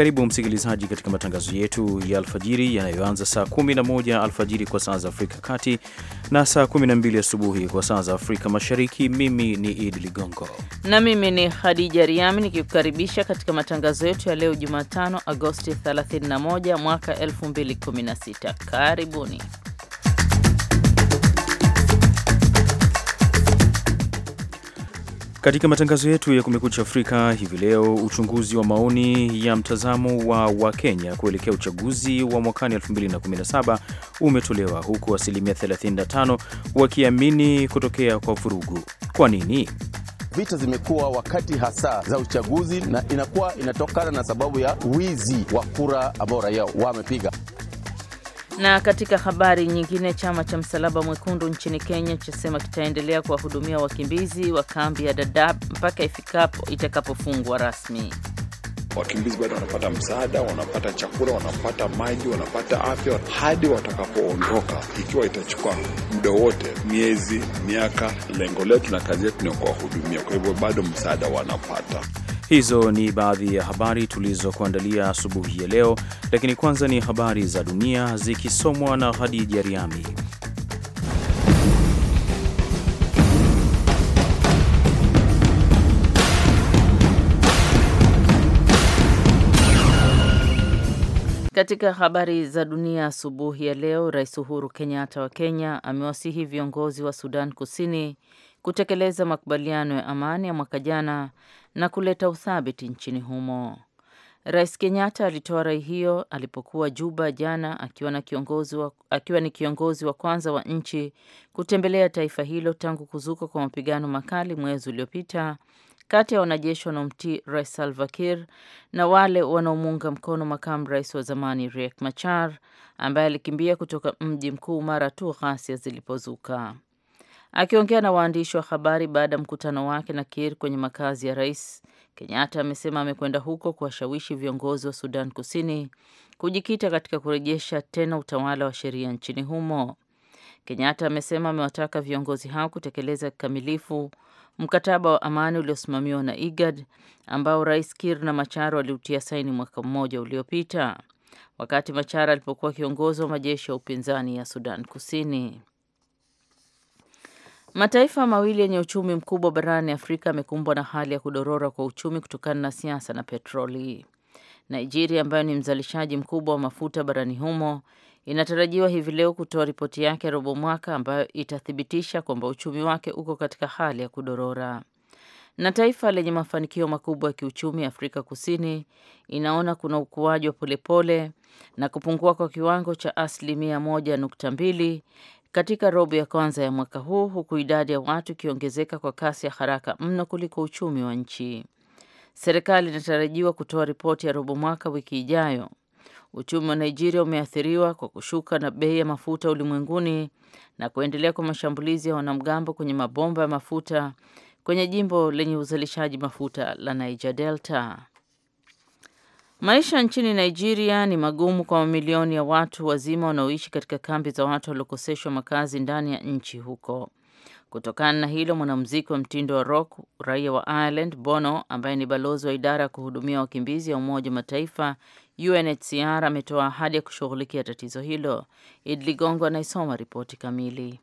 Karibu msikilizaji katika matangazo yetu ya alfajiri yanayoanza saa 11 alfajiri kwa saa za Afrika kati na saa 12 asubuhi kwa saa za Afrika Mashariki. Mimi ni Idi Ligongo na mimi ni Khadija Riami nikikukaribisha katika matangazo yetu ya leo Jumatano, Agosti 31 mwaka 2016. Karibuni. Katika matangazo yetu ya Kumekucha Afrika hivi leo, uchunguzi wa maoni ya mtazamo wa Wakenya kuelekea uchaguzi wa mwakani 2017 umetolewa huku asilimia 35 wakiamini kutokea kwa vurugu. Kwa nini? Vita zimekuwa wakati hasa za uchaguzi na inakuwa inatokana na sababu ya wizi wa kura ambao raia wamepiga. Na katika habari nyingine, chama cha Msalaba Mwekundu nchini Kenya chasema kitaendelea kuwahudumia wakimbizi wa kambi ya Dadaab mpaka ifikapo itakapofungwa rasmi. Wakimbizi bado wanapata msaada, wanapata chakula, wanapata maji, wanapata afya hadi watakapoondoka, ikiwa itachukua muda wote, miezi, miaka. Lengo letu na kazi yetu ni kuwahudumia, kwa hivyo bado msaada wanapata. Hizo ni baadhi ya habari tulizokuandalia asubuhi ya leo, lakini kwanza ni habari za dunia zikisomwa na Hadija Riami. Katika habari za dunia asubuhi ya leo, Rais Uhuru Kenyatta wa Kenya amewasihi viongozi wa Sudan Kusini kutekeleza makubaliano ya amani ya mwaka jana na kuleta uthabiti nchini humo. Rais Kenyatta alitoa rai hiyo alipokuwa Juba jana akiwa, na kiongozi wa, akiwa ni kiongozi wa kwanza wa nchi kutembelea taifa hilo tangu kuzuka kwa mapigano makali mwezi uliopita kati ya wanajeshi wanaomtii Rais Salva Kiir na wale wanaomuunga mkono makamu rais wa zamani Riek Machar ambaye alikimbia kutoka mji mkuu mara tu ghasia zilipozuka. Akiongea na waandishi wa habari baada ya mkutano wake na Kiir kwenye makazi ya rais, Kenyatta amesema amekwenda huko kuwashawishi viongozi wa Sudan Kusini kujikita katika kurejesha tena utawala wa sheria nchini humo. Kenyatta amesema amewataka viongozi hao kutekeleza kikamilifu mkataba wa amani uliosimamiwa na IGAD ambao Rais Kiir na Machar waliutia saini mwaka mmoja uliopita wakati Machar alipokuwa kiongozi wa majeshi ya upinzani ya Sudan Kusini. Mataifa mawili yenye uchumi mkubwa barani Afrika yamekumbwa na hali ya kudorora kwa uchumi kutokana na siasa na petroli. Nigeria ambayo ni mzalishaji mkubwa wa mafuta barani humo inatarajiwa hivi leo kutoa ripoti yake ya robo mwaka ambayo itathibitisha kwamba uchumi wake uko katika hali ya kudorora. Na taifa lenye mafanikio makubwa ya kiuchumi, Afrika Kusini, inaona kuna ukuaji wa polepole na kupungua kwa kiwango cha asilimia moja nukta mbili katika robo ya kwanza ya mwaka huu huku idadi ya watu ikiongezeka kwa kasi ya haraka mno kuliko uchumi wa nchi. Serikali inatarajiwa kutoa ripoti ya robo mwaka wiki ijayo. Uchumi wa Nigeria umeathiriwa kwa kushuka na bei ya mafuta ulimwenguni na kuendelea kwa mashambulizi ya wanamgambo kwenye mabomba ya mafuta kwenye jimbo lenye uzalishaji mafuta la Niger Delta. Maisha nchini Nigeria ni magumu kwa mamilioni ya watu wazima wanaoishi katika kambi za watu waliokoseshwa makazi ndani ya nchi huko. Kutokana na hilo, mwanamuziki wa mtindo wa rock raia wa Ireland Bono, ambaye ni balozi wa idara ya kuhudumia wakimbizi ya Umoja wa Mataifa UNHCR, ametoa ahadi ya kushughulikia tatizo hilo. id Ligongo anaisoma ripoti kamili.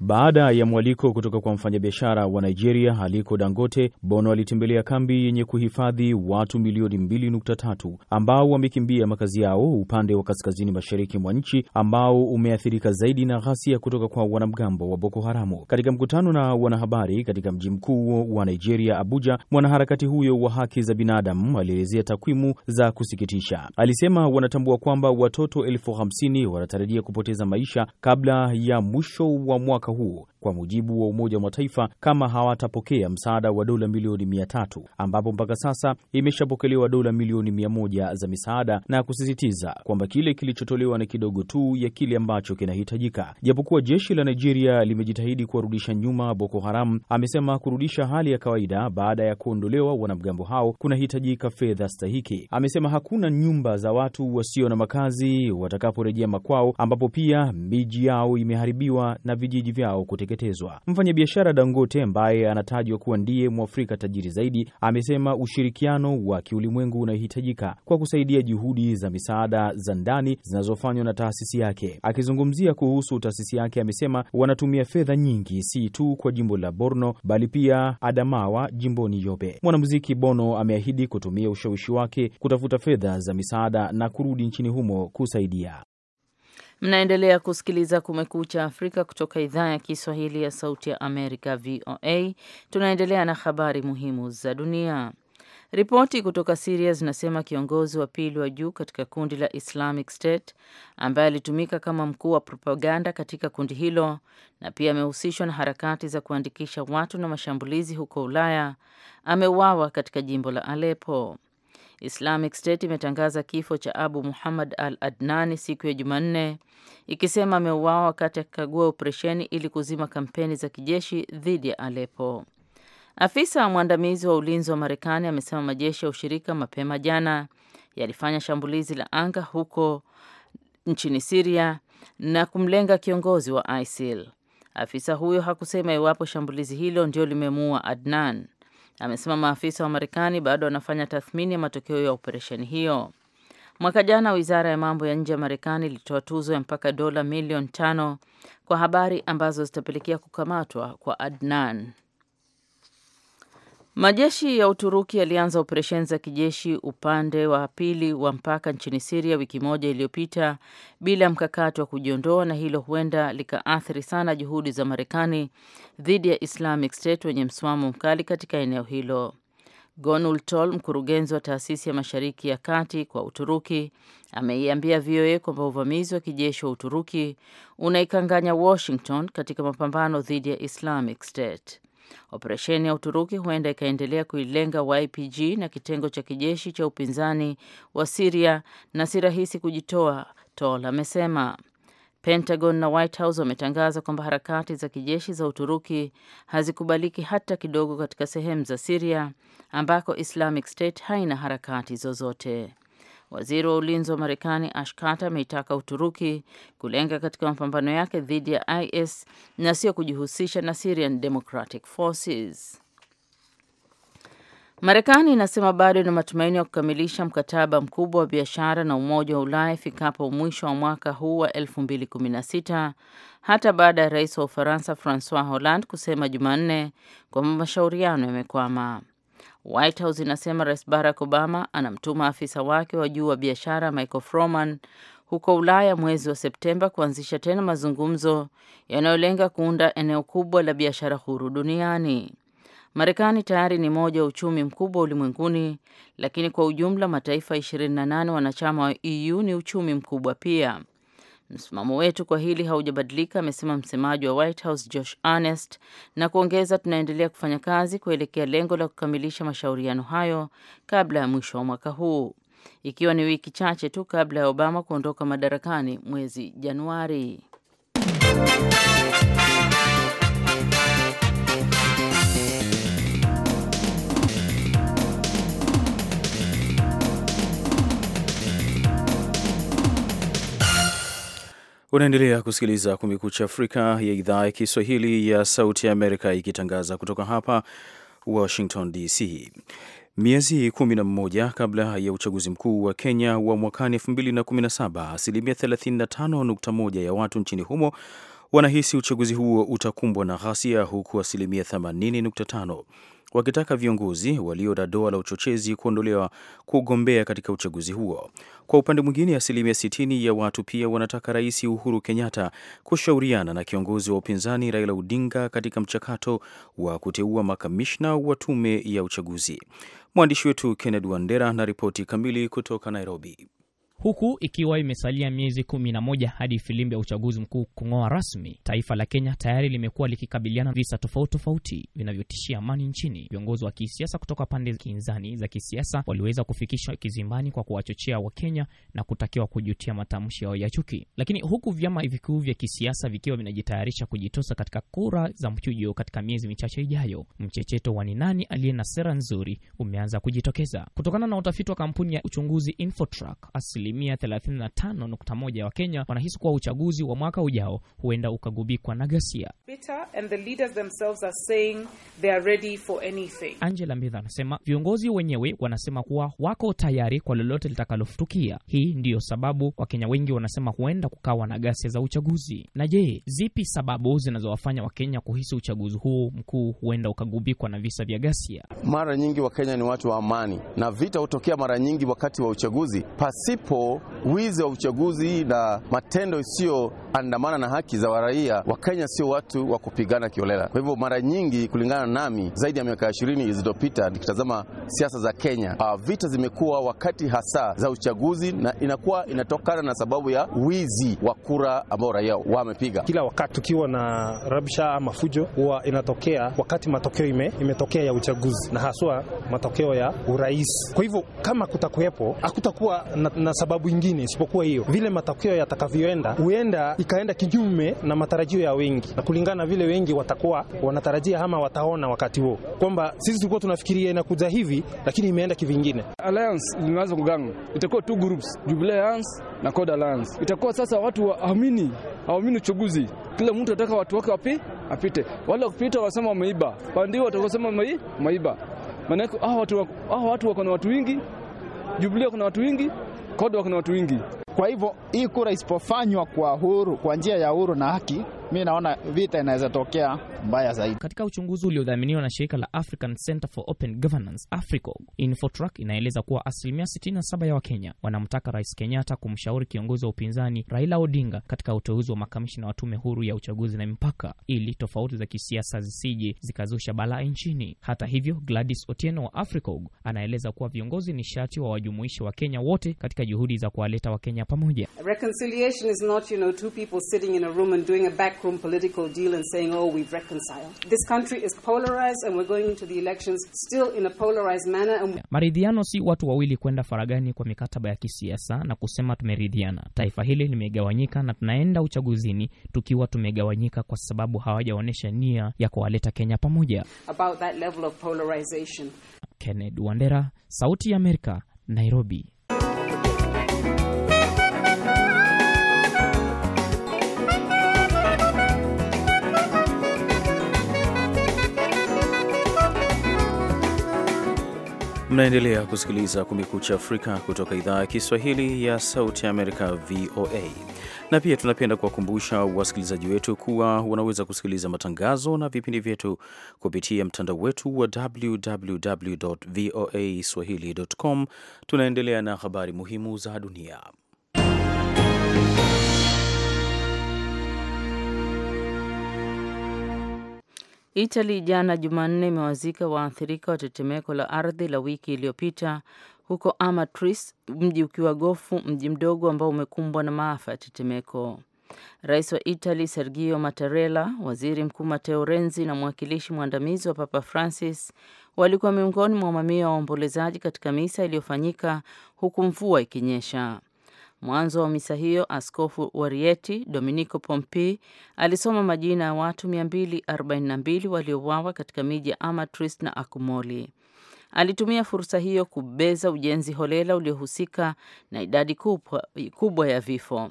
Baada ya mwaliko kutoka kwa mfanyabiashara wa Nigeria Aliko Dangote, Bono alitembelea kambi yenye kuhifadhi watu milioni 2.3 ambao wamekimbia makazi yao upande wa kaskazini mashariki mwa nchi ambao umeathirika zaidi na ghasia kutoka kwa wanamgambo wa Boko Haramu. Katika mkutano na wanahabari katika mji mkuu wa Nigeria, Abuja, mwanaharakati huyo wa haki za binadamu alielezea takwimu za kusikitisha. Alisema wanatambua kwamba watoto elfu hamsini wanatarajia kupoteza maisha kabla ya mwisho wa mwaka 客户。kwa mujibu wa Umoja wa Mataifa kama hawatapokea msaada wa dola milioni mia tatu ambapo mpaka sasa imeshapokelewa dola milioni mia moja za misaada, na kusisitiza kwamba kile kilichotolewa ni kidogo tu ya kile ambacho kinahitajika. Japokuwa jeshi la Nigeria limejitahidi kuwarudisha nyuma Boko Haram, amesema kurudisha hali ya kawaida baada ya kuondolewa wanamgambo hao kunahitajika fedha stahiki. Amesema hakuna nyumba za watu wasio na makazi watakaporejea makwao, ambapo pia miji yao imeharibiwa na vijiji vyao kuteketea kuteketezwa. Mfanyabiashara Dangote ambaye anatajwa kuwa ndiye Mwafrika tajiri zaidi amesema ushirikiano wa kiulimwengu unahitajika kwa kusaidia juhudi za misaada za ndani zinazofanywa na taasisi yake. Akizungumzia kuhusu taasisi yake, amesema wanatumia fedha nyingi si tu kwa jimbo la Borno bali pia Adamawa jimboni Yobe. Mwanamuziki Bono ameahidi kutumia ushawishi wake kutafuta fedha za misaada na kurudi nchini humo kusaidia. Mnaendelea kusikiliza Kumekucha Afrika kutoka idhaa ya Kiswahili ya Sauti ya Amerika, VOA. Tunaendelea na habari muhimu za dunia. Ripoti kutoka Siria zinasema kiongozi wa pili wa juu katika kundi la Islamic State ambaye alitumika kama mkuu wa propaganda katika kundi hilo na pia amehusishwa na harakati za kuandikisha watu na mashambulizi huko Ulaya ameuawa katika jimbo la Aleppo. Islamic State imetangaza kifo cha Abu Muhammad al-Adnani siku ya Jumanne ikisema ameuawa wakati akikagua operesheni ili kuzima kampeni za kijeshi dhidi ya alepo Afisa wa mwandamizi wa ulinzi wa Marekani amesema majeshi ya ushirika mapema jana yalifanya shambulizi la anga huko nchini siria na kumlenga kiongozi wa ISIL. Afisa huyo hakusema iwapo shambulizi hilo ndio limemuua Adnan amesema maafisa wa Marekani bado wanafanya tathmini ya matokeo ya operesheni hiyo. Mwaka jana wizara ya mambo ya nje ya Marekani ilitoa tuzo ya mpaka dola milioni tano kwa habari ambazo zitapelekea kukamatwa kwa Adnan. Majeshi ya Uturuki yalianza operesheni za kijeshi upande wa pili wa mpaka nchini Siria wiki moja iliyopita bila mkakati wa kujiondoa, na hilo huenda likaathiri sana juhudi za Marekani dhidi ya Islamic State wenye msimamo mkali katika eneo hilo. Gonul Tol, mkurugenzi wa taasisi ya Mashariki ya Kati kwa Uturuki, ameiambia VOA kwamba uvamizi wa kijeshi wa Uturuki unaikanganya Washington katika mapambano dhidi ya Islamic State. Operesheni ya Uturuki huenda ikaendelea kuilenga YPG na kitengo cha kijeshi cha upinzani wa Siria na si rahisi kujitoa, Tol amesema. Pentagon na White House wametangaza kwamba harakati za kijeshi za Uturuki hazikubaliki hata kidogo katika sehemu za Siria ambako Islamic State haina harakati zozote. Waziri wa ulinzi wa Marekani Ash Carter ameitaka Uturuki kulenga katika mapambano yake dhidi ya IS na sio kujihusisha na Syrian Democratic Forces. Marekani inasema bado ina matumaini ya kukamilisha mkataba mkubwa wa biashara na Umoja wa Ulaya ifikapo mwisho wa mwaka huu wa 2016 hata baada ya rais wa Ufaransa Francois Hollande kusema Jumanne kwamba mashauriano yamekwama. White House inasema Rais Barack Obama anamtuma afisa wake wa juu wa biashara Michael Froman huko Ulaya mwezi wa Septemba kuanzisha tena mazungumzo yanayolenga kuunda eneo kubwa la biashara huru duniani. Marekani tayari ni moja wa uchumi mkubwa ulimwenguni, lakini kwa ujumla mataifa 28 wanachama wa EU ni uchumi mkubwa pia. Msimamo wetu kwa hili haujabadilika, amesema msemaji wa White House Josh Earnest, na kuongeza, tunaendelea kufanya kazi kuelekea lengo la kukamilisha mashauriano hayo kabla ya mwisho wa mwaka huu, ikiwa ni wiki chache tu kabla ya Obama kuondoka madarakani mwezi Januari. Unaendelea kusikiliza Kumekucha Afrika ya idhaa ya Kiswahili ya Sauti ya Amerika ikitangaza kutoka hapa Washington DC. Miezi 11 kabla ya uchaguzi mkuu wa Kenya wa mwakani 2017, asilimia 35.1 ya watu nchini humo wanahisi uchaguzi huo utakumbwa na ghasia, huku asilimia 80.5 wakitaka viongozi walio na doa la uchochezi kuondolewa kugombea katika uchaguzi huo. Kwa upande mwingine, asilimia 60 ya watu pia wanataka Rais Uhuru Kenyatta kushauriana na kiongozi wa upinzani Raila Odinga katika mchakato wa kuteua makamishna wa tume ya uchaguzi. Mwandishi wetu Kenneth Wandera na ripoti kamili kutoka Nairobi huku ikiwa imesalia miezi kumi na moja hadi filimbi ya uchaguzi mkuu kung'oa rasmi. Taifa la Kenya tayari limekuwa likikabiliana visa tofauti tofauti vinavyotishia amani nchini. Viongozi wa kisiasa kutoka pande kinzani za kisiasa waliweza kufikishwa kizimbani kwa kuwachochea Wakenya na kutakiwa kujutia matamshi yao ya chuki, lakini huku vyama vikuu vya kisiasa vikiwa vinajitayarisha kujitosa katika kura za mchujo katika miezi michache ijayo, mchecheto wa ninani aliye na sera nzuri umeanza kujitokeza kutokana na utafiti wa kampuni ya uchunguzi Infotrack asili asilimia 35.1 ya Wakenya wanahisi kuwa uchaguzi wa mwaka ujao huenda ukagubikwa na ghasia. Angela Mbitha anasema viongozi wenyewe wanasema kuwa wako tayari kwa lolote litakalofutukia. Hii ndiyo sababu Wakenya wengi wanasema huenda kukawa na ghasia za uchaguzi. Na je, zipi sababu zinazowafanya Wakenya kuhisi uchaguzi huu mkuu huenda ukagubikwa na visa vya ghasia? Mara nyingi Wakenya ni watu wa amani na vita hutokea mara nyingi wakati wa uchaguzi pasipo ambapo wizi wa uchaguzi na matendo isiyoandamana na haki za waraia wa kenya sio watu wa kupigana kiolela. Kwa hivyo mara nyingi, kulingana nami, zaidi ya miaka ishirini zilizopita nikitazama siasa za Kenya, ah, vita zimekuwa wakati hasa za uchaguzi, na inakuwa inatokana na sababu ya wizi wa kura ambao raia wamepiga. Kila wakati tukiwa na rabsha ama fujo, huwa inatokea wakati matokeo ime, imetokea ya uchaguzi na haswa matokeo ya urais. Kwa hivyo kama kutakuwepo hakutakuwa na, na sababu ingine isipokuwa hiyo. Vile matokeo yatakavyoenda, huenda ikaenda kinyume na matarajio ya wengi, na kulingana vile wengi watakuwa wanatarajia ama wataona wakati huo kwamba sisi tulikuwa tunafikiria inakuja hivi, lakini imeenda kivingine. Alliance limeanza kuganga, itakuwa two groups, Jubilee Alliance na Code Alliance. Itakuwa sasa watu waamini hawaamini uchaguzi, kila mtu anataka watu wake wapi apite. Wale wakipita wasema wameiba, wandio watakosema maiba. Maana yake ah, watu ah, watu wako na watu wingi, Jubilee kuna watu wengi Kodwok na watu wingi. Kwa hivyo hii kura isipofanywa kwa huru, kwa njia ya huru na haki, mi naona vita inaweza tokea mbaya zaidi. Katika uchunguzi uliodhaminiwa na shirika la African Center for Open Governance Africo, Infotrack inaeleza kuwa asilimia 67 ya Wakenya wanamtaka Rais Kenyatta kumshauri kiongozi wa upinzani Raila Odinga katika uteuzi wa makamishina wa tume huru ya uchaguzi na mipaka, ili tofauti za kisiasa zisije zikazusha balaa nchini. Hata hivyo, Gladys Otieno wa Africog anaeleza kuwa viongozi ni sharti wa wa Kenya wote katika juhudi za kuwaleta Wakenya pamoja. Reconciliation is not, you know, two people sitting in a room and doing a back backroom political deal and saying, oh, we've reconciled. This country is polarized and we're going into the elections still in a polarized manner. And... Maridhiano si watu wawili kwenda faragani kwa mikataba ya kisiasa na kusema tumeridhiana. Taifa hili limegawanyika na tunaenda uchaguzini tukiwa tumegawanyika kwa sababu hawajaonyesha nia ya kuwaleta Kenya pamoja. About that level of polarization. Kenneth Wandera, Sauti ya Amerika, Nairobi. Mnaendelea kusikiliza Kumekucha Afrika kutoka idhaa ya Kiswahili ya Sauti ya Amerika, VOA. Na pia tunapenda kuwakumbusha wasikilizaji wetu kuwa wanaweza kusikiliza matangazo na vipindi vyetu kupitia mtandao wetu wa www voa swahili.com. Tunaendelea na habari muhimu za dunia. Italy jana Jumanne imewazika waathirika wa tetemeko la ardhi la wiki iliyopita huko Amatris, mji ukiwa gofu, mji mdogo ambao umekumbwa na maafa ya tetemeko. Rais wa Italy Sergio Mattarella, waziri mkuu Matteo Renzi na mwakilishi mwandamizi wa Papa Francis walikuwa miongoni mwa mamia wa waombolezaji katika misa iliyofanyika huku mvua ikinyesha. Mwanzo wa misa hiyo, askofu wa Rieti Dominico Pompi alisoma majina ya watu 242 waliouawa katika miji ya amatris na Akumoli. Alitumia fursa hiyo kubeza ujenzi holela uliohusika na idadi kubwa, kubwa ya vifo.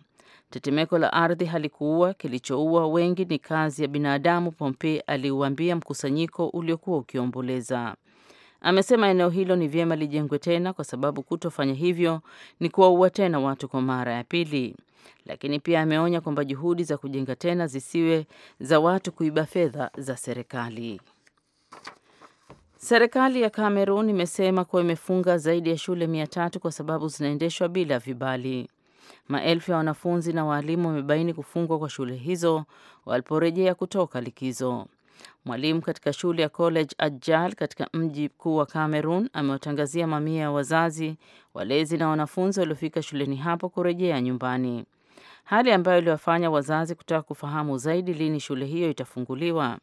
Tetemeko la ardhi halikuua, kilichoua wengi ni kazi ya binadamu, Pompei aliuambia mkusanyiko uliokuwa ukiomboleza. Amesema eneo hilo ni vyema lijengwe tena kwa sababu kutofanya hivyo ni kuwaua tena watu kwa mara ya pili. Lakini pia ameonya kwamba juhudi za kujenga tena zisiwe za watu kuiba fedha za serikali. Serikali ya Kamerun imesema kuwa imefunga zaidi ya shule mia tatu kwa sababu zinaendeshwa bila vibali. Maelfu ya wanafunzi na waalimu wamebaini kufungwa kwa shule hizo waliporejea kutoka likizo. Mwalimu katika shule ya College ajal katika mji mkuu wa Cameroon amewatangazia mamia ya wazazi, walezi na wanafunzi waliofika shuleni hapo kurejea nyumbani, hali ambayo iliwafanya wazazi kutaka kufahamu zaidi lini shule hiyo itafunguliwa.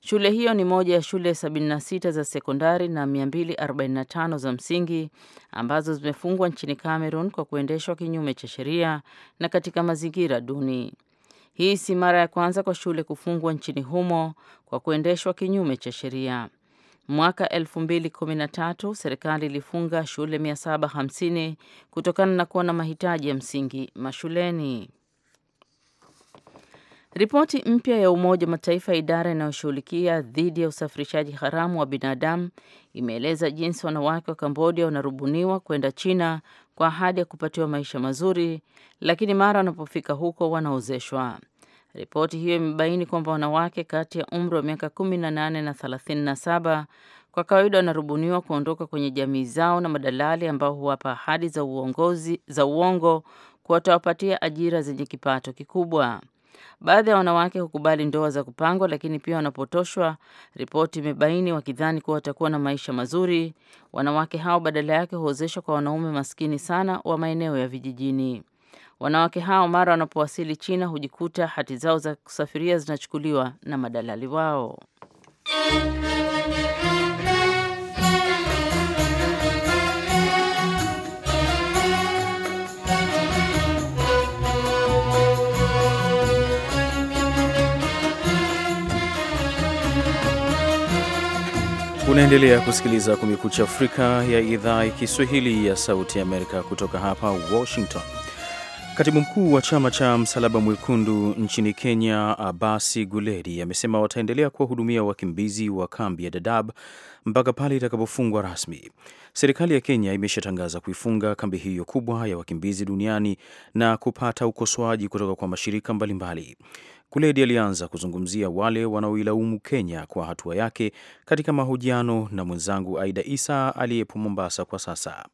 Shule hiyo ni moja ya shule 76 za sekondari na 245 za msingi ambazo zimefungwa nchini Cameroon kwa kuendeshwa kinyume cha sheria na katika mazingira duni. Hii si mara ya kwanza kwa shule kufungwa nchini humo kwa kuendeshwa kinyume cha sheria. Mwaka 2013 serikali ilifunga shule 750 kutokana na kuwa na mahitaji ya msingi mashuleni. Ripoti mpya ya Umoja wa Mataifa ya idara inayoshughulikia dhidi ya usafirishaji haramu wa binadamu imeeleza jinsi wanawake wa Kambodia wanarubuniwa kwenda China kwa ahadi ya kupatiwa maisha mazuri, lakini mara wanapofika huko wanaozeshwa. Ripoti hiyo imebaini kwamba wanawake kati ya umri wa miaka 18 na 37 kwa kawaida wanarubuniwa kuondoka kwenye jamii zao na madalali ambao huwapa ahadi za uongozi za uongo kuwa watawapatia ajira zenye kipato kikubwa. Baadhi ya wanawake hukubali ndoa za kupangwa, lakini pia wanapotoshwa, ripoti imebaini, wakidhani kuwa watakuwa na maisha mazuri. Wanawake hao badala yake huozeshwa kwa wanaume maskini sana wa maeneo ya vijijini. Wanawake hao mara wanapowasili China hujikuta hati zao za kusafiria zinachukuliwa na madalali wao. Unaendelea kusikiliza Kumekucha Afrika ya idhaa ya Kiswahili ya Sauti ya Amerika kutoka hapa Washington. Katibu mkuu wa chama cha Msalaba Mwekundu nchini Kenya, Abasi guledi amesema wataendelea kuwahudumia wakimbizi wa kambi ya Dadaab mpaka pale itakapofungwa rasmi. Serikali ya Kenya imeshatangaza kuifunga kambi hiyo kubwa ya wakimbizi duniani na kupata ukosoaji kutoka kwa mashirika mbalimbali mbali. Kuledi alianza kuzungumzia wale wanaoilaumu Kenya kwa hatua yake katika mahojiano na mwenzangu Aida Isa aliyepo Mombasa kwa sasa.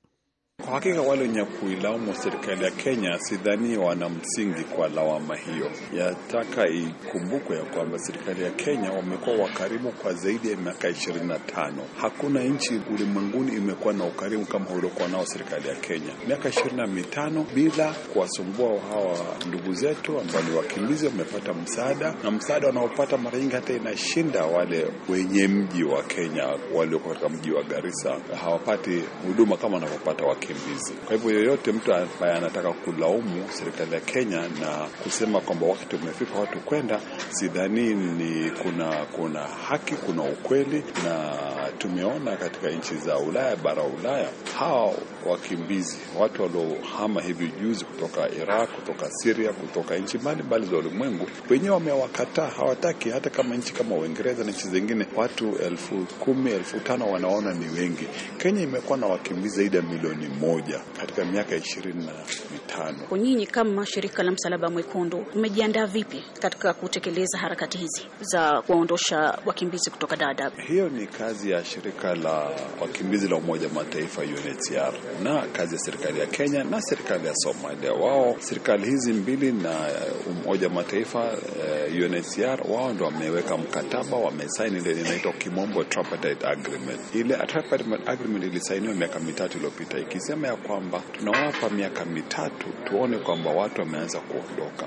Kwa hakika wale wenye kuilaumu serikali ya Kenya sidhani wana msingi kwa lawama hiyo. Yataka ikumbukwe ya kwamba serikali ya Kenya wamekuwa wakarimu kwa zaidi ya miaka ishirini na tano. Hakuna nchi ulimwenguni imekuwa na ukarimu kama uliokuwa nao serikali ya Kenya, miaka ishirini na mitano bila kuwasumbua hawa ndugu zetu ambao ni wakimbizi. Wamepata msaada na msaada wanaopata mara nyingi hata inashinda wale wenye mji wa Kenya walioko katika mji wa Garissa, hawapati huduma kama wanavyopata wa Kenya wakimbizi. Kwa hivyo yoyote mtu ambaye anataka kulaumu serikali ya Kenya na kusema kwamba wakati umefika watu kwenda, sidhani ni kuna kuna haki, kuna ukweli, na tumeona katika nchi za Ulaya, bara Ulaya, hao wakimbizi, watu waliohama hivi juzi kutoka Iraq, kutoka Siria, kutoka nchi mbalimbali za ulimwengu, wenyewe wamewakataa, hawataki. Hata kama nchi kama Uingereza na nchi zingine, watu elfu kumi elfu tano wanaona ni wengi. Kenya imekuwa na wakimbizi zaidi ya milioni moja katika miaka ishirini na mitano. Kwa nyinyi kama shirika la Msalaba Mwekundu mmejiandaa vipi katika kutekeleza harakati hizi za kuwaondosha wakimbizi kutoka Dadaab? Hiyo ni kazi ya shirika la wakimbizi la Umoja wa Mataifa UNHCR na kazi ya serikali ya Kenya na serikali ya Somalia. Wao serikali hizi mbili na Umoja wa Mataifa eh, UNHCR, wao ndo wameweka mkataba, wamesaini ile inaitwa kimombo tripartite agreement. Ile tripartite agreement ilisainiwa miaka mitatu iliyopita iki niseme ya kwamba tunawapa miaka mitatu tuone kwamba watu wameanza kuondoka,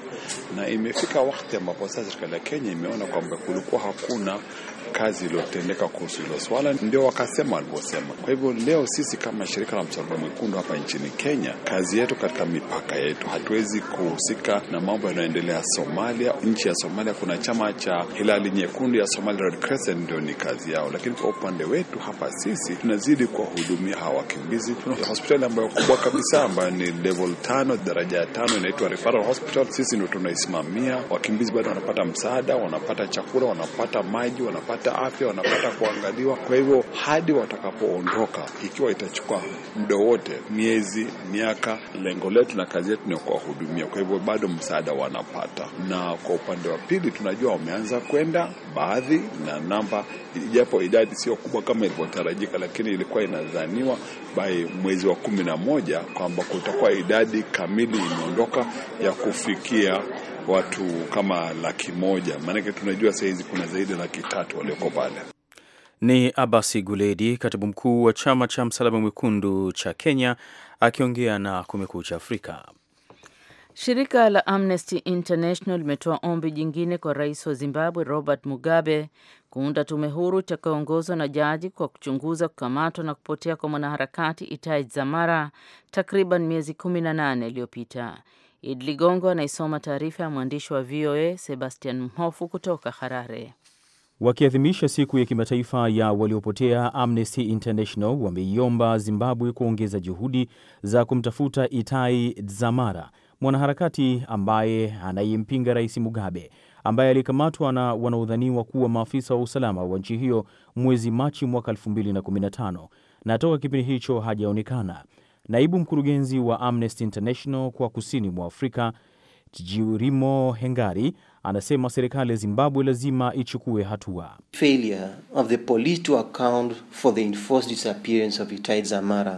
na imefika wakati ambapo sasa serikali ya Kenya imeona kwamba kulikuwa hakuna kazi iliyotendeka kuhusu hilo swala, ndio wakasema walivyosema. Kwa hivyo leo sisi kama shirika la Msalaba Mwekundu hapa nchini Kenya, kazi yetu katika mipaka yetu, hatuwezi kuhusika na mambo yanayoendelea Somalia. Nchi ya Somalia kuna chama cha Hilali Nyekundu ya Somali Red Crescent, ndio ni kazi yao, lakini kwa upande wetu hapa sisi tunazidi kuwahudumia hawa wakimbizi. Tuna hospitali ambayo kubwa kabisa ambayo ni level tano, daraja ya tano, inaitwa referral hospital. Sisi ndio tunaisimamia. Wakimbizi bado wanapata msaada, wanapata chakula, wanapata maji, wanapata wanapata afya, wanapata kuangaliwa. Kwa hivyo hadi watakapoondoka, ikiwa itachukua muda wote, miezi, miaka, lengo letu na kazi yetu ni kuwahudumia. Kwa hivyo bado msaada wanapata, na kwa upande wa pili tunajua wameanza kwenda baadhi, na namba ijapo idadi sio kubwa kama ilivyotarajika, lakini ilikuwa inadhaniwa by mwezi wa kumi na moja kwamba kutakuwa idadi kamili imeondoka ya kufikia watu kama laki moja, maanake tunajua sahizi kuna zaidi ya laki tatu walioko pale. Ni Abasi Guledi, katibu mkuu wa chama cha Msalaba Mwekundu cha Kenya, akiongea na Kumekucha Afrika. Shirika la Amnesty International limetoa ombi jingine kwa rais wa Zimbabwe Robert Mugabe kuunda tume huru itakayoongozwa na jaji kwa kuchunguza kukamatwa na kupotea kwa mwanaharakati Itai Dzamara takriban miezi 18 iliyopita id Ligongo anaisoma taarifa ya mwandishi wa VOA Sebastian Mhofu kutoka Harare. Wakiadhimisha siku ya kimataifa ya waliopotea, Amnesty International wameiomba Zimbabwe kuongeza juhudi za kumtafuta Itai Dzamara, mwanaharakati ambaye anayempinga Rais Mugabe, ambaye alikamatwa na wanaodhaniwa kuwa maafisa wa usalama wa nchi hiyo mwezi Machi mwaka 2015 na toka kipindi hicho hajaonekana naibu mkurugenzi wa Amnesty International kwa kusini mwa Afrika Jirimo Hengari anasema serikali ya Zimbabwe lazima ichukue hatua.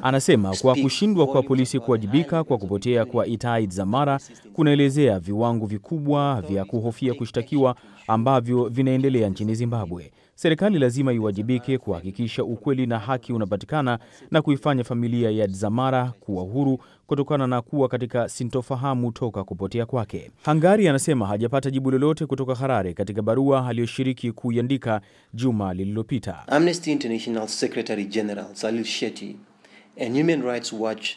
Anasema kwa kushindwa kwa polisi kuwajibika kwa kupotea kwa Itai Dzamara kunaelezea viwango vikubwa vya kuhofia kushtakiwa ambavyo vinaendelea nchini Zimbabwe. Serikali lazima iwajibike kuhakikisha ukweli na haki unapatikana na kuifanya familia ya Dzamara kuwa huru kutokana na kuwa katika sintofahamu toka kupotea kwake. Hangari anasema hajapata jibu lolote kutoka Harare katika barua aliyoshiriki kuiandika juma lililopita. Amnesty International Secretary General Salil Shetty and Human Rights Watch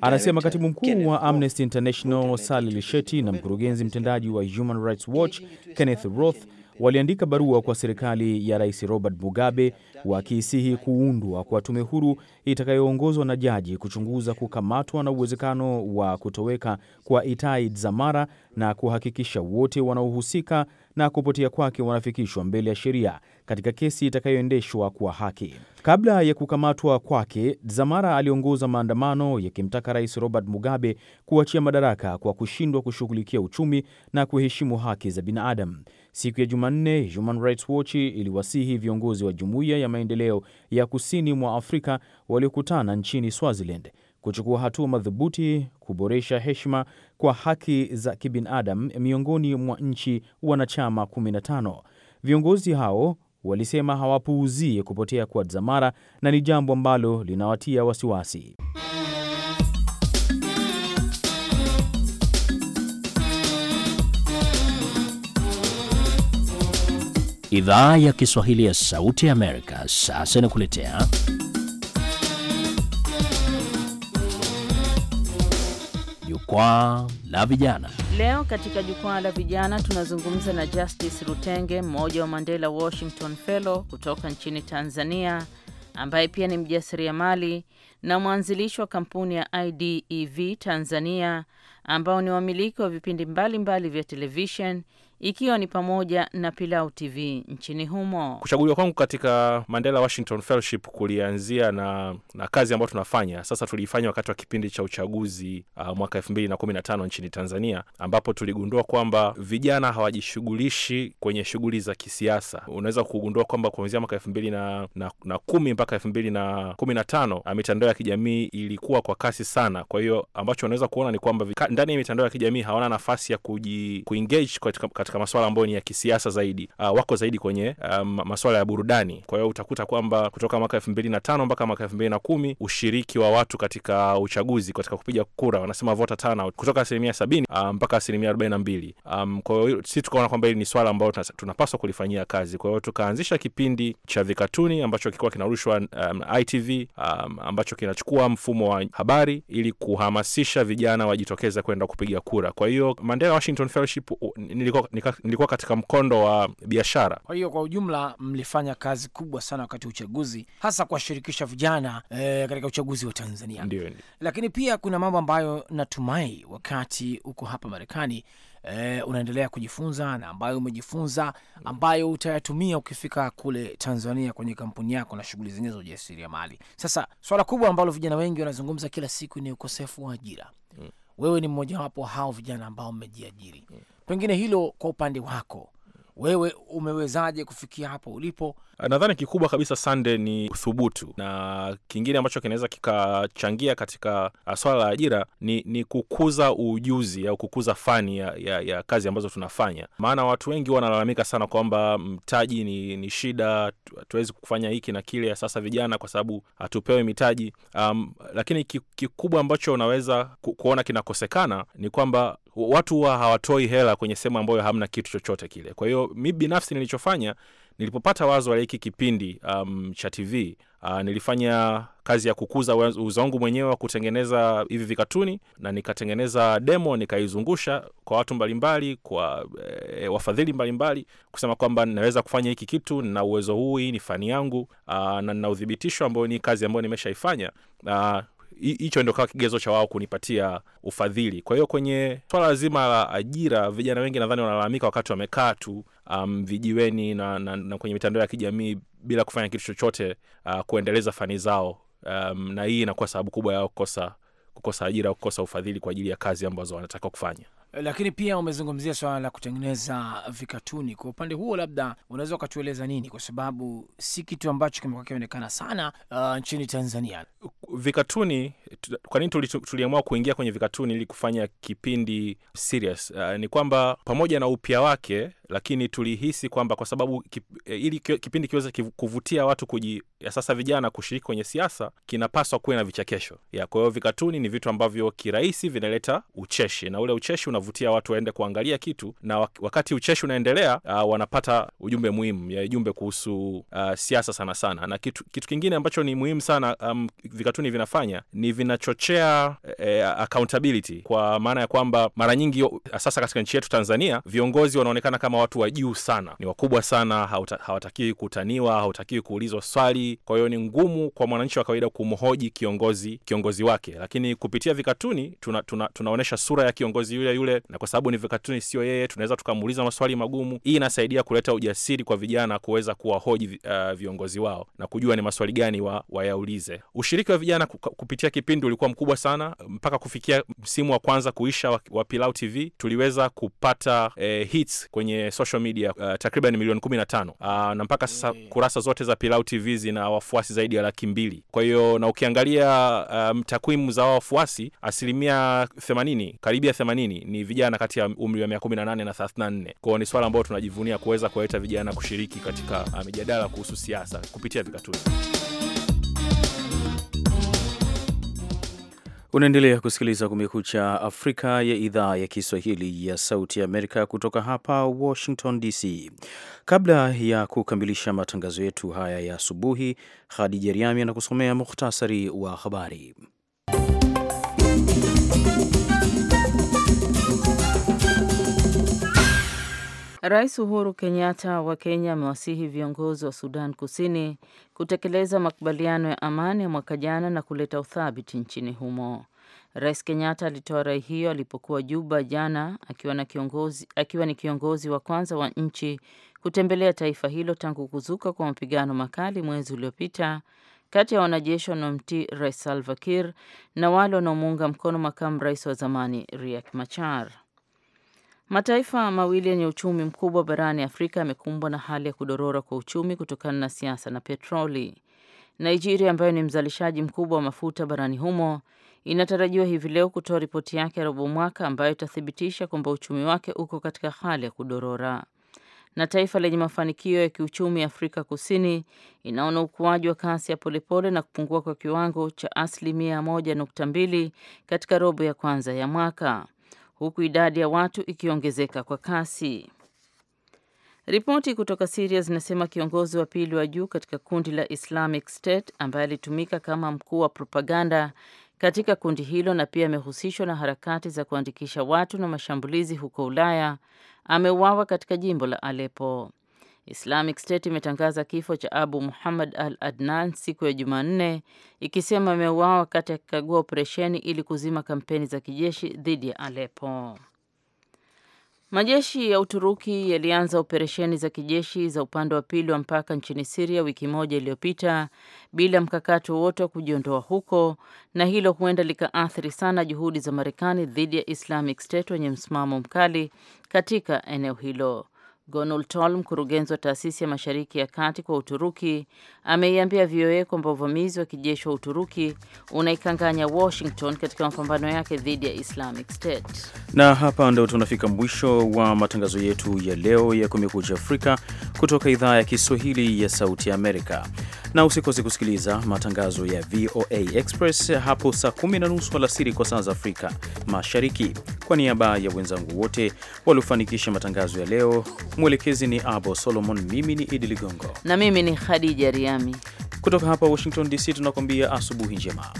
Anasema katibu mkuu wa Amnesty International Salil Shetty na mkurugenzi mtendaji wa Human Rights Watch Kenneth Roth waliandika barua kwa serikali ya Rais Robert Mugabe wakisihi kuundwa kwa tume huru itakayoongozwa na jaji kuchunguza kukamatwa na uwezekano wa kutoweka kwa Itai Dzamara na kuhakikisha wote wanaohusika na kupotea kwake wanafikishwa mbele ya sheria katika kesi itakayoendeshwa kwa haki. Kabla ya kukamatwa kwake, zamara aliongoza maandamano yakimtaka Rais Robert Mugabe kuachia madaraka kwa kushindwa kushughulikia uchumi na kuheshimu haki za binadamu. Siku ya Jumanne, Human Rights Watch iliwasihi viongozi wa Jumuiya ya Maendeleo ya Kusini mwa Afrika waliokutana nchini Swaziland kuchukua hatua madhubuti kuboresha heshima kwa haki za kibinadamu miongoni mwa nchi wanachama 15. Viongozi hao walisema hawapuuzii kupotea kwa Dzamara na ni jambo ambalo linawatia wasiwasi. Idhaa ya Kiswahili ya Sauti ya Amerika sasa inakuletea Jukwaa la vijana. Leo katika jukwaa la vijana tunazungumza na Justice Rutenge, mmoja wa Mandela Washington Fellow kutoka nchini Tanzania, ambaye pia ni mjasiriamali na mwanzilishi wa kampuni ya IDEV Tanzania, ambao ni wamiliki wa vipindi mbalimbali mbali vya televishen ikiwa ni pamoja na Pilau TV nchini humo. Kuchaguliwa kwangu katika Mandela Washington Fellowship kulianzia na, na kazi ambayo tunafanya sasa. Tuliifanya wakati wa kipindi cha uchaguzi uh, mwaka elfu mbili na kumi na tano nchini Tanzania, ambapo tuligundua kwamba vijana hawajishughulishi kwenye shughuli za kisiasa. Unaweza kugundua kwamba kuanzia mwaka elfu mbili na, na, na kumi mpaka elfu mbili na kumi na tano uh, mitandao ya kijamii ilikuwa kwa kasi sana. Kwa hiyo ambacho unaweza kuona ni kwamba ndani ya mitandao ya kijamii hawana nafasi ya kuji, kuengage katika katika maswala ambayo ni ya kisiasa zaidi. Uh, wako zaidi kwenye uh, maswala ya burudani. Kwa hiyo utakuta kwamba kutoka mwaka elfu mbili na tano mpaka mwaka elfu mbili na kumi ushiriki wa watu katika uchaguzi katika kupiga kura wanasema vota tano kutoka asilimia sabini uh, mpaka asilimia arobaini na mbili. Um, kwa hiyo tukaona kwamba hili ni swala ambayo tunapaswa kulifanyia kazi. Kwa hiyo tukaanzisha kipindi cha vikatuni ambacho kikuwa kinarushwa um, ITV um, ambacho kinachukua mfumo wa habari ili kuhamasisha vijana wajitokeze kwenda kupiga kura. Kwa hiyo Mandela Washington Fellowship nilikuwa nilikuwa katika mkondo wa biashara. Kwa hiyo kwa ujumla, mlifanya kazi kubwa sana wakati wa uchaguzi, hasa kuwashirikisha vijana e, katika uchaguzi wa Tanzania. Ndiyo, lakini pia kuna mambo ambayo natumai wakati uko hapa Marekani e, unaendelea kujifunza na ambayo umejifunza ambayo utayatumia ukifika kule Tanzania kwenye kampuni yako na shughuli zenyewe za ujasiriamali. Sasa swala kubwa ambalo vijana wengi wanazungumza kila siku ni ukosefu wa ajira. Mm. Wewe ni mmojawapo hao vijana ambao mmejiajiri. Mm. Pengine hilo kwa upande wako wewe umewezaje kufikia hapo ulipo? Eh, nadhani kikubwa kabisa Sande ni uthubutu, na kingine ambacho kinaweza kikachangia katika ah, swala la ajira ni, ni kukuza ujuzi au kukuza fani ya, ya, ya kazi ambazo tunafanya. Maana watu wengi wanalalamika sana kwamba mtaji ni, ni shida, hatuwezi kufanya hiki na kile, sasa vijana, kwa sababu hatupewi mitaji. Um, lakini kikubwa ambacho unaweza kuona kinakosekana ni kwamba watu wa hawatoi hela kwenye sehemu ambayo hamna kitu chochote kile. Kwa hiyo mi binafsi nilichofanya nilipopata wazo la hiki kipindi um, cha TV uh, nilifanya kazi ya kukuza uwezo wangu mwenyewe wa kutengeneza hivi vikatuni, na nikatengeneza demo nikaizungusha kwa watu mbalimbali, kwa e, wafadhili mbalimbali, kusema kwamba naweza kufanya hiki kitu na uwezo huu, hii ni fani yangu uh, na nina udhibitisho ambao ni kazi ambayo nimeshaifanya uh, hicho ndio kawa kigezo cha wao kunipatia ufadhili. Kwa hiyo kwenye swala zima la ajira, vijana wengi nadhani wanalalamika wakati wamekaa tu um, vijiweni na, na, na kwenye mitandao ya kijamii bila kufanya kitu chochote uh, kuendeleza fani zao um, na hii inakuwa sababu kubwa yao kukosa kukosa ajira au kukosa ufadhili kwa ajili ya kazi ambazo wanataka kufanya. Lakini pia umezungumzia swala la kutengeneza vikatuni. Kwa upande huo, labda unaweza ukatueleza nini, kwa sababu si kitu ambacho kimekuwa kionekana sana uh, nchini Tanzania vikatuni kwa nini tuliamua kuingia kwenye vikatuni ili kufanya kipindi serious? Uh, ni kwamba pamoja na upya wake, lakini tulihisi kwamba kwa sababu kip, eh, ili kipindi kiweze kuvutia watu kuji, ya sasa vijana kushiriki kwenye siasa kinapaswa kuwe na vichekesho ya. Kwa hiyo vikatuni ni vitu ambavyo kirahisi vinaleta ucheshi, na ule ucheshi unavutia watu waende kuangalia kitu, na wakati ucheshi unaendelea, uh, wanapata ujumbe muhimu ya ujumbe kuhusu uh, siasa sana sana, na kitu, kitu kingine ambacho ni muhimu sana um, vikatuni cartoon vinafanya ni vinachochea e, accountability kwa maana ya kwamba mara nyingi sasa katika nchi yetu Tanzania viongozi wanaonekana kama watu wa juu sana, ni wakubwa sana, hawatakiwi kutaniwa, hawatakiwi kuulizwa swali. Kwa hiyo ni ngumu kwa mwananchi wa kawaida kumhoji kiongozi kiongozi wake, lakini kupitia vikatuni tuna, tuna, tunaonyesha sura ya kiongozi yule yule, na kwa sababu ni vikatuni, sio yeye, tunaweza tukamuuliza maswali magumu. Hii inasaidia kuleta ujasiri kwa vijana kuweza kuwahoji uh, viongozi wao na kujua ni maswali gani wa, wayaulize. Ushiriki wa jana kupitia kipindi ulikuwa mkubwa sana mpaka kufikia msimu wa kwanza kuisha wa, Pilau TV tuliweza kupata eh, hits kwenye social media uh, takriban milioni 15 uh, ah, na mpaka sasa mm. kurasa zote za Pilau TV zina wafuasi zaidi ya laki mbili. Kwa hiyo na ukiangalia um, takwimu za wafuasi asilimia themanini karibia themanini ni vijana kati ya umri wa kumi na nne Kwao ni swala ambayo tunajivunia kuweza kuwaleta vijana kushiriki katika mijadala ah, mijadala kuhusu siasa kupitia vikatuni. Unaendelea kusikiliza Kumekucha Afrika ya idhaa ya Kiswahili ya Sauti ya Amerika kutoka hapa Washington DC. Kabla ya kukamilisha matangazo yetu haya ya asubuhi, Khadija Riami anakusomea muhtasari wa habari. Rais Uhuru Kenyatta wa Kenya amewasihi viongozi wa Sudan Kusini kutekeleza makubaliano ya amani ya mwaka jana na kuleta uthabiti nchini humo. Rais Kenyatta alitoa rai hiyo alipokuwa Juba jana akiwa, na kiongozi, akiwa ni kiongozi wa kwanza wa nchi kutembelea taifa hilo tangu kuzuka kwa mapigano makali mwezi uliopita kati ya wanajeshi wanaomtii Rais Salva Kiir na wale wanaomuunga mkono makamu rais wa zamani Riek Machar. Mataifa mawili yenye uchumi mkubwa barani Afrika yamekumbwa na hali ya kudorora kwa uchumi kutokana na siasa na petroli. Nigeria ambayo ni mzalishaji mkubwa wa mafuta barani humo inatarajiwa hivi leo kutoa ripoti yake ya robo mwaka ambayo itathibitisha kwamba uchumi wake uko katika hali ya kudorora. Na taifa lenye mafanikio ya kiuchumi Afrika Kusini inaona ukuaji wa kasi ya polepole na kupungua kwa kiwango cha asilimia moja nukta mbili katika robo ya kwanza ya mwaka huku idadi ya watu ikiongezeka kwa kasi. Ripoti kutoka Siria zinasema kiongozi wa pili wa juu katika kundi la Islamic State ambaye alitumika kama mkuu wa propaganda katika kundi hilo na pia amehusishwa na harakati za kuandikisha watu na mashambulizi huko Ulaya ameuawa katika jimbo la Aleppo. Islamic State imetangaza kifo cha Abu Muhammad al-Adnan siku ya Jumanne ikisema ameuawa wakati akikagua operesheni ili kuzima kampeni za kijeshi dhidi ya Aleppo. Majeshi ya Uturuki yalianza operesheni za kijeshi za upande wa pili wa mpaka nchini Siria wiki moja iliyopita bila mkakati wowote wa kujiondoa huko, na hilo huenda likaathiri sana juhudi za Marekani dhidi ya Islamic State wenye msimamo mkali katika eneo hilo. Gonul Tol, mkurugenzi wa taasisi ya Mashariki ya Kati kwa Uturuki, ameiambia VOA kwamba uvamizi wa kijeshi wa Uturuki unaikanganya Washington katika mapambano yake dhidi ya Islamic State. Na hapa ndio tunafika mwisho wa matangazo yetu ya leo ya Kumekucha Afrika kutoka idhaa ya Kiswahili ya Sauti Amerika, na usikose kusikiliza matangazo ya VOA Express hapo saa kumi na nusu alasiri kwa saa za Afrika Mashariki. Kwa niaba ya wenzangu wote waliofanikisha matangazo ya leo Mwelekezi ni Abo Solomon, mimi ni Idi Ligongo na mimi ni Khadija Riami. Kutoka hapa Washington DC tunakwambia asubuhi njema.